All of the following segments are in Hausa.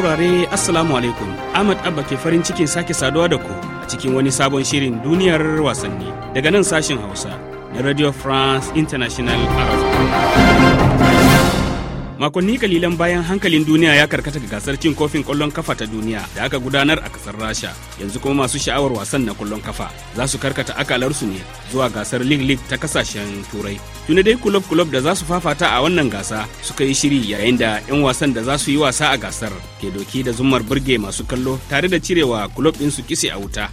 saurare Assalamu alaikum. Ahmad Abba ke farin cikin sake saduwa da ku a cikin wani sabon shirin duniyar wasanni daga nan sashin Hausa na Radio France International arab makonni kalilan bayan hankalin duniya ya karkata ga gasar cin kofin kwallon kafa ta duniya da aka gudanar a kasar rasha yanzu kuma masu sha'awar wasan na kwallon kafa za su karkata akalarsu ne zuwa gasar league league ta kasashen turai tuni dai kulob kulob da za su fafata a wannan gasa suka yi shiri yayin da 'yan wasan da za su yi wasa a gasar ke doki da zumar burge masu kallo tare da cirewa kulob ɗinsu kisi a wuta.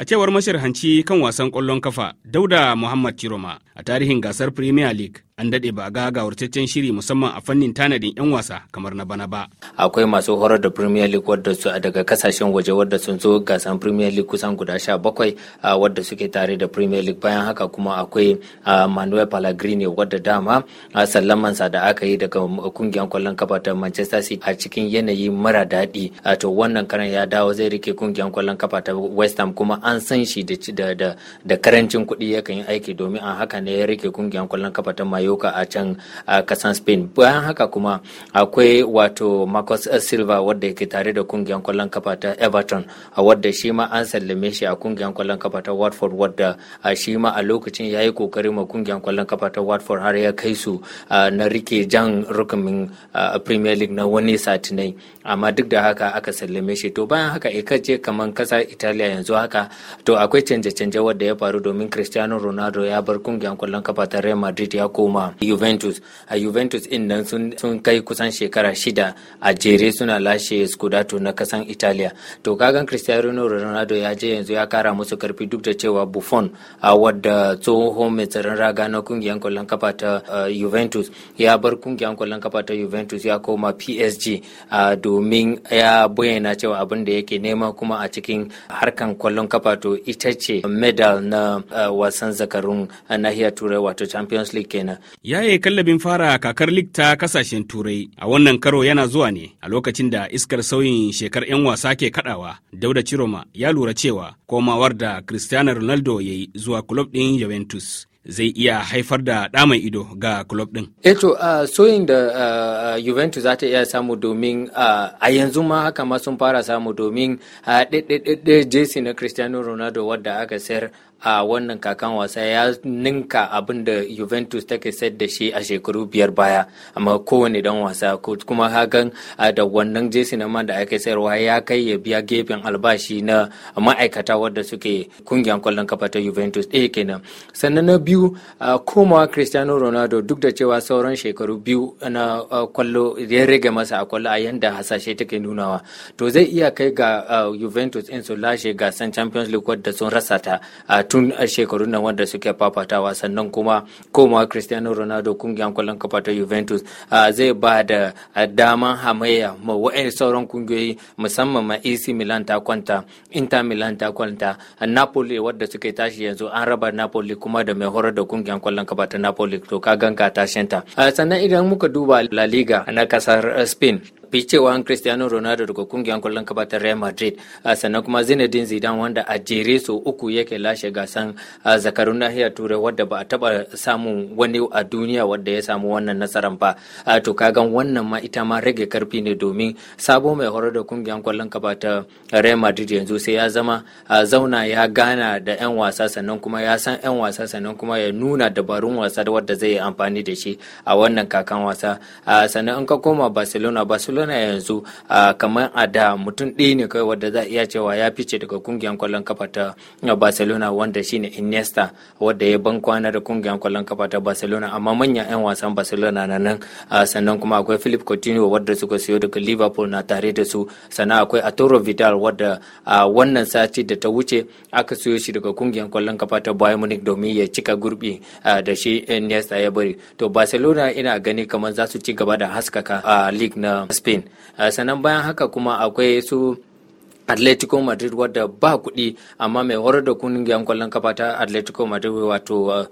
A cewar mashirhanci kan wasan ƙwallon kafa Dauda Muhammad Chiroma a tarihin gasar Premier League an daɗe ba ga gawurtaccen shiri musamman a fannin tanadin 'yan wasa kamar na bana ba. Akwai masu horar da Premier League wadda su daga kasashen waje wadda sun zo gasan Premier League kusan guda sha bakwai wadda suke tare da Premier League bayan haka kuma akwai Manuel Pellegrini wadda dama a sallamansa da aka yi daga um, kungiyar kwallon kafa ta Manchester City a cikin yanayi mara daɗi to wannan karan ya dawo zai rike kungiyar kwallon kafa ta West Ham kuma an san shi da karancin kuɗi yakan yi aiki domin a haka ne ya rike kungiyar kwallon kafa ta Mayo Mallorca a can a kasan Spain bayan haka kuma akwai wato Marcos Silva wadda yake tare da kungiyar kwallon kafa ta Everton wadda shi ma an sallame shi a kungiyar kwallon kafa ta Watford wadda shi ma a lokacin ya yi kokari ma kungiyar kwallon kafa ta Watford har ya kai su na rike jan rukumin Premier League na wani satinai amma duk da haka aka sallame shi to bayan haka ikace e kamar kasa Italiya yanzu haka to akwai canje-canje wadda ya faru domin Cristiano Ronaldo ya bar kungiyar kwallon kafa ta Real Madrid ya koma wa Juventus. A Juventus in nan sun kai kusan shekara shida a jere suna lashe Scudato na kasan Italiya. To kagan Cristiano Ronaldo ya je yanzu ya kara musu karfi duk da cewa Buffon a wadda tsohon mai tsaron raga na kungiyar kwallon kafa ta Juventus ya bar kungiyar kwallon kafa ta Juventus ya koma PSG domin ya bayyana cewa abin da yake nema kuma a cikin harkan kwallon kafa to ita ce medal na wasan zakarun nahiyar turai wato Champions League kenan. ya yi kallabin fara kakar lig ta kasashen turai a wannan karo yana zuwa ne a lokacin da iskar sauyin shekar 'yan wasa ke kadawa dauda ciroma ya lura cewa komawar da cristiano ronaldo ya yi zuwa kulob din juventus zai iya haifar da ɗamai ido ga kulob din. Eto eh uh, soyin da uh, Juventus za ta iya samu domin a yanzu ma haka ma sun fara samu domin ɗaiɗaiɗaiɗe jesi na Cristiano Ronaldo wadda aka sayar a wannan kakan wasa ya ninka abin da juventus take sayar da shi a shekaru biyar baya amma kowane dan wasa kuma hakan da wannan jesi na man da ake sayarwa ya kai ya biya gefen albashi na ma'aikata wadda suke kungiyar kwallon kafa ta juventus ɗaya eh, kenan sannan na biyu komawa cristiano ronaldo duk da cewa sauran shekaru biyu na kwallo ya rage masa a kwallo a yanda hasashe take nunawa to zai iya kai ga juventus in su lashe gasan champions league wadda sun rasa ta tun a shekarun nan wanda suke fafatawa sannan kuma komawa cristiano ronaldo kungiyar kwallon kafa ta juventus zai ba da daman hamayya ma wa'in sauran kungiyoyi musamman ma ac milan ta kwanta inter milan ta kwanta napoli wadda suke tashi yanzu an raba napoli kuma da mai horar da kungiyar kwallon kafa ta napoli to ka ganka tashinta sannan idan muka duba la liga na kasar spain ficewa an cristiano ronaldo daga kungiyar kwallon kafa ta real madrid sannan kuma zinedine zidane wanda a jere so uku yake lashe gasan zakarun nahiyar turai wadda ba a taba samun wani a duniya wadda ya samu wannan nasaran ba to kagan wannan ma ita ma rage karfi ne domin sabo mai horar da kungiyar kwallon kafa ta real madrid yanzu sai ya zama zauna ya gana da 'yan wasa sannan kuma ya san 'yan wasa sannan kuma ya nuna dabarun wasa wadda zai yi amfani da shi a wannan kakan wasa sannan in ka koma barcelona barcelona Barcelona yanzu kamar a da mutum ɗaya ne kai wadda za a iya cewa ya fice daga kungiyar kwallon kafa ta Barcelona wanda shine Iniesta wadda ya ban kwana da kungiyar kwallon kafa ta Barcelona amma manyan 'yan wasan Barcelona na nan sannan kuma akwai Philip Coutinho wadda suka siyo daga Liverpool na tare da su sannan akwai Arturo Vidal wadda wannan sati da ta wuce aka siyo shi daga kungiyar kwallon kafa ta Bayern Munich domin ya cika gurbi da shi Iniesta ya bari to Barcelona ina gani kamar za su ci gaba da haskaka a league na Spain spain ah, sannan bayan haka kuma akwai su atletico madrid wadda ba kuɗi amma mai horar da kungiyar kwallon kafa ta atletico madrid wato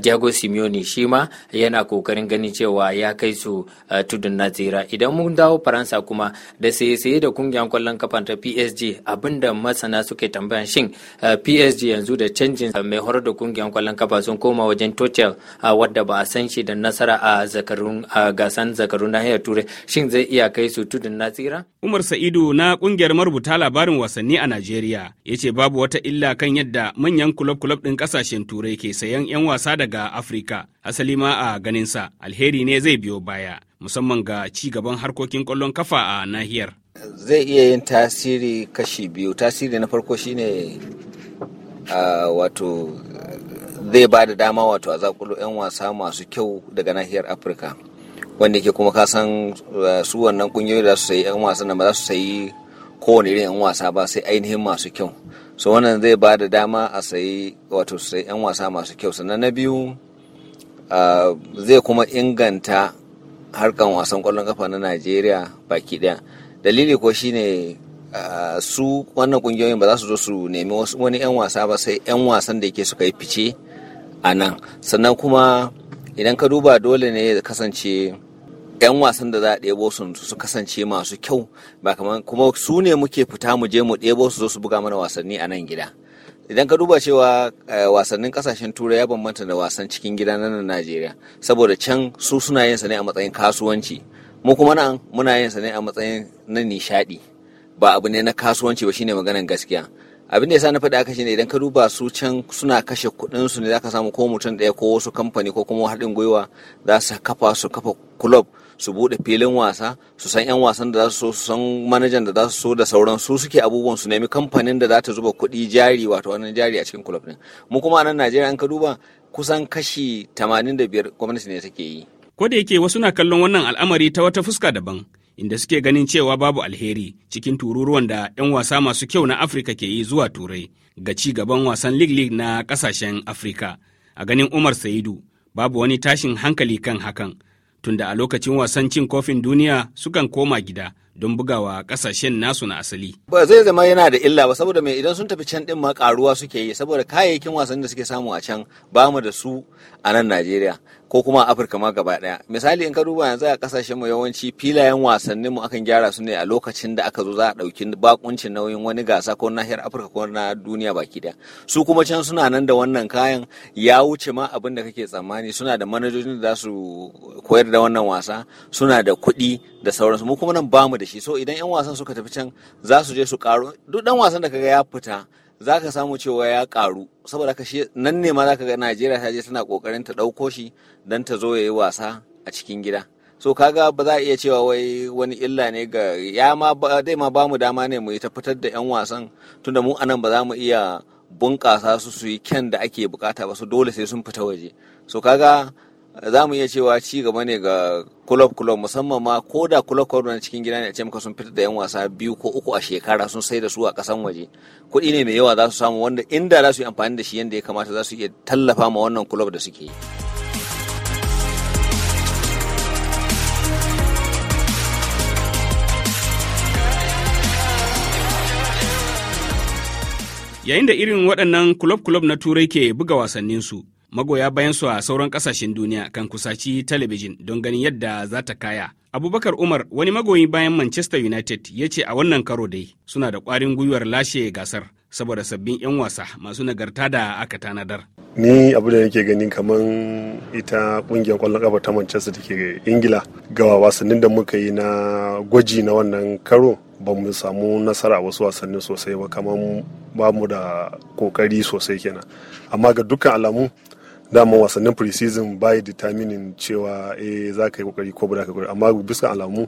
diego simeone shi ma yana kokarin ganin cewa ya kai su tudun nazira idan mun dawo faransa kuma da saye-saye da kungiyar kwallon kafa ta psg abinda masana suke tambaya shin psg yanzu da canjin mai horar da kungiyar kwallon kafa sun koma wajen totel wadda ba a san shi da nasara a zakarun gasan zakarun nahiyar turai shin zai iya kai su tudun nazira umar sa'idu na kungiyar marubuta labarin wasanni a Najeriya ya ce babu wata illa kan yadda manyan kulob-kulob ɗin kasashen turai ke sayan 'yan wasa daga Afirka. Asali ma a ganinsa alheri ne zai biyo baya musamman ga ci gaban harkokin kwallon kafa a nahiyar. Zai iya yin tasiri kashi biyu. Tasiri na farko shine ne wato zai ba da dama wato a zakulo 'yan wasa masu kyau daga nahiyar Afirka. wanda ke kuma kasan su wannan kungiyoyi da su sayi 'yan wasan nan ba za su sayi kowane irin 'yan wasa ba sai ainihin masu kyau so wannan zai ba da dama a sayi wato sai 'yan wasa masu kyau sannan na biyu zai kuma inganta harkan wasan kwallon kafa na najeriya baki daya dalili ko shine su wannan kungiyoyin ba za su zo su nemi wani 'yan wasa ba sai 'yan wasan da yake suka yi fice a nan sannan kuma idan ka duba dole ne ya kasance 'yan wasan da za a ɗebo su su kasance masu kyau ba kamar kuma su ne muke fita mu je mu ɗebo su zo su buga mana wasanni a nan gida idan ka duba cewa eh, wasannin kasashen turai ya bambanta da wasan cikin gida na nan najeriya saboda can su suna yin sa ne a matsayin kasuwanci mu kuma nan muna yin sa ne a matsayin na nishaɗi ba abu ne na kasuwanci ba shine maganan gaskiya abin da yasa na faɗi aka ne idan ka duba su can suna kashe kuɗin su ne zaka samu ko mutum ɗaya ko wasu kamfani ko kuma haɗin gwiwa za su kafa su kafa kulob su bude filin wasa su san 'yan wasan da za su so su san manajan da za su so da sauran su suke abubuwan su nemi kamfanin da za ta zuba kuɗi jari wato wannan jari a cikin club din mu kuma nan Najeriya an ka duba kusan kashi 85 gwamnati ne take yi ko da yake wasu na kallon wannan al'amari ta wata fuska daban inda suke ganin cewa babu alheri cikin tururuwan da 'yan wasa masu kyau na Afirka ke yi zuwa Turai ga ci gaban wasan League League na kasashen Afirka a ganin Umar Saidu babu wani tashin hankali kan hakan tunda a lokacin wasan cin kofin duniya sukan koma gida don bugawa kasashen nasu na asali. Ba zai zama yana da illa ba saboda mai idan sun tafi can din ma karuwa suke yi saboda kayayyakin wasan da suke samu a can ba mu da su a nan Najeriya. ko kuma a afirka ma gaba daya misali in ka duba yanzu a kasashen mu yawanci filayen wasannin mu akan gyara su ne a lokacin da aka zo za a dauki bakuncin nauyin wani gasa ko nahiyar afirka ko na duniya baki daya su kuma can suna nan da wannan kayan ya wuce ma abin da kake tsammani suna da manajojin da za su koyar da wannan wasa suna da kuɗi da sauransu mu kuma nan bamu da shi so idan yan wasan suka tafi can za su je su karo duk ɗan wasan da kaga ya fita za ka samu cewa ya karu saboda ka shi nan ne ma za ka ga najeriya ta je tana kokarin ta ɗauko shi don ta zo ya yi wasa a cikin gida so kaga ba za a iya cewa wai wani illa ne ga ya ma dai ma mu dama ne mu yi ta fitar da yan wasan tunda mu anan ba za mu iya bunƙasa su su yi kyan da ake bukata ba su dole sai sun fita waje so kaga za mu iya cewa ci gaba ne ga kulob kulob musamman ma ko da kulob kulob na cikin gida ne a ce muka sun fitar da yan wasa biyu ko uku a shekara sun sai da su a kasan waje kuɗi ne mai yawa za su samu wanda inda za su yi amfani da shi yadda ya kamata za su iya tallafa ma wannan kulob da suke yi. yayin da irin waɗannan kulob-kulob na turai ke buga wasanninsu magoya bayan su a sauran kasashen duniya kan kusaci talabijin don ganin yadda za ta kaya. Abubakar Umar wani magoyi bayan Manchester United ya ce a wannan karo dai suna da ƙwarin gwiwar lashe gasar saboda sabbin 'yan wasa masu nagarta da aka tanadar. Ni abu da nake gani kamar ita kungiyar kwallon kafa ta Manchester take Ingila ga wasannin da muka yi na gwaji na wannan karo ba mu samu nasara wasu wasannin sosai ba kamar ba mu da kokari sosai kenan amma ga dukkan alamu daman wasannin pre-season bai determining cewa eh za ka yi kokari ko ba ka yi amma bisa alamu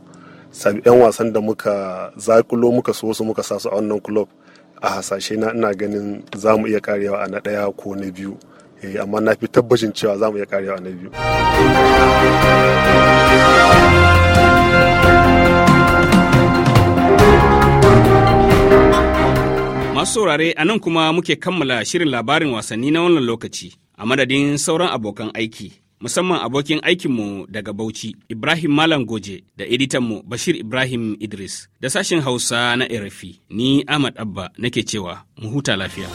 yan wasan da muka zakulo muka so su muka sa a wannan club a hasashe na ina ganin za mu iya karewa a na ɗaya ko na biyu eh, amma na fi tabbacin cewa za mu iya karewa a na biyu masu saurare a nan kuma muke kammala shirin labarin wasanni na wannan lokaci a madadin sauran abokan aiki musamman abokin aikinmu daga Bauchi Ibrahim Malam Goje da editanmu Bashir Ibrahim Idris da sashen Hausa na RFI ni Ahmad Abba nake cewa mu huta lafiya.